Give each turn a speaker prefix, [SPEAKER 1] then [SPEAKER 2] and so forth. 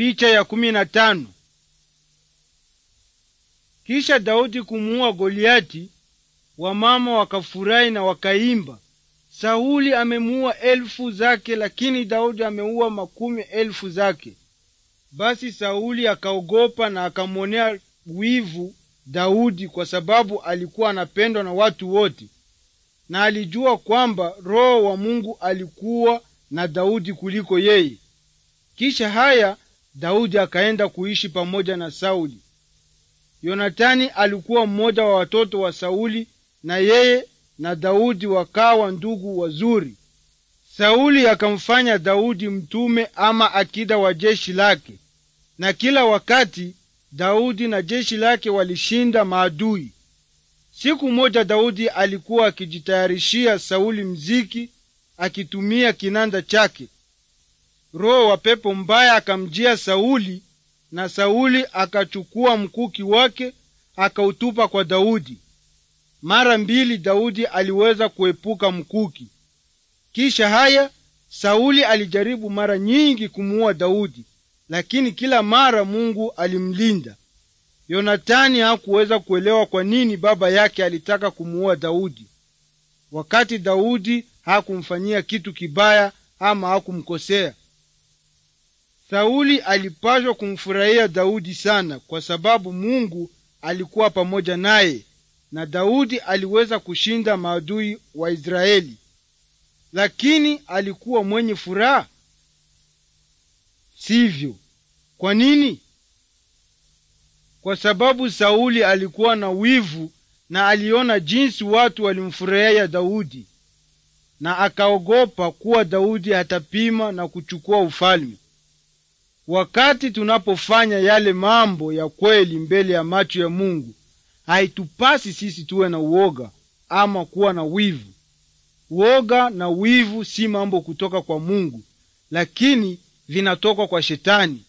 [SPEAKER 1] Picha ya kumi na tano. Kisha Daudi kumuua Goliati, wamama wakafurahi na wakaimba, Sauli amemuua elfu zake, lakini Daudi ameua makumi elfu zake. Basi Sauli akaogopa na akamwonea wivu Daudi kwa sababu alikuwa anapendwa na watu wote, na alijua kwamba roho wa Mungu alikuwa na Daudi kuliko yeye. Kisha haya Daudi akaenda kuishi pamoja na Sauli. Yonatani alikuwa mmoja wa watoto wa Sauli, na yeye na Daudi wakawa ndugu wazuri. Sauli akamfanya Daudi mtume ama akida wa jeshi lake, na kila wakati Daudi na jeshi lake walishinda maadui. Siku moja Daudi alikuwa akijitayarishia Sauli mziki akitumia kinanda chake roho wa pepo mbaya akamjia Sauli, na Sauli akachukua mkuki wake akautupa kwa Daudi. Mara mbili Daudi aliweza kuepuka mkuki. Kisha haya Sauli alijaribu mara nyingi kumuua Daudi, lakini kila mara Mungu alimlinda. Yonatani hakuweza kuelewa kwa nini baba yake alitaka kumuua Daudi, wakati Daudi hakumfanyia kitu kibaya ama hakumkosea. Sauli alipashwa kumfurahia Daudi sana, kwa sababu Mungu alikuwa pamoja naye na Daudi aliweza kushinda maadui wa Israeli. Lakini alikuwa mwenye furaha? Sivyo. Kwa nini? Kwa sababu Sauli alikuwa na wivu na aliona jinsi watu walimfurahia Daudi, na akaogopa kuwa Daudi atapima na kuchukua ufalme. Wakati tunapofanya yale mambo ya kweli mbele ya macho ya Mungu, haitupasi sisi tuwe na uoga ama kuwa na wivu. Uoga na wivu si mambo kutoka kwa Mungu, lakini vinatoka kwa Shetani.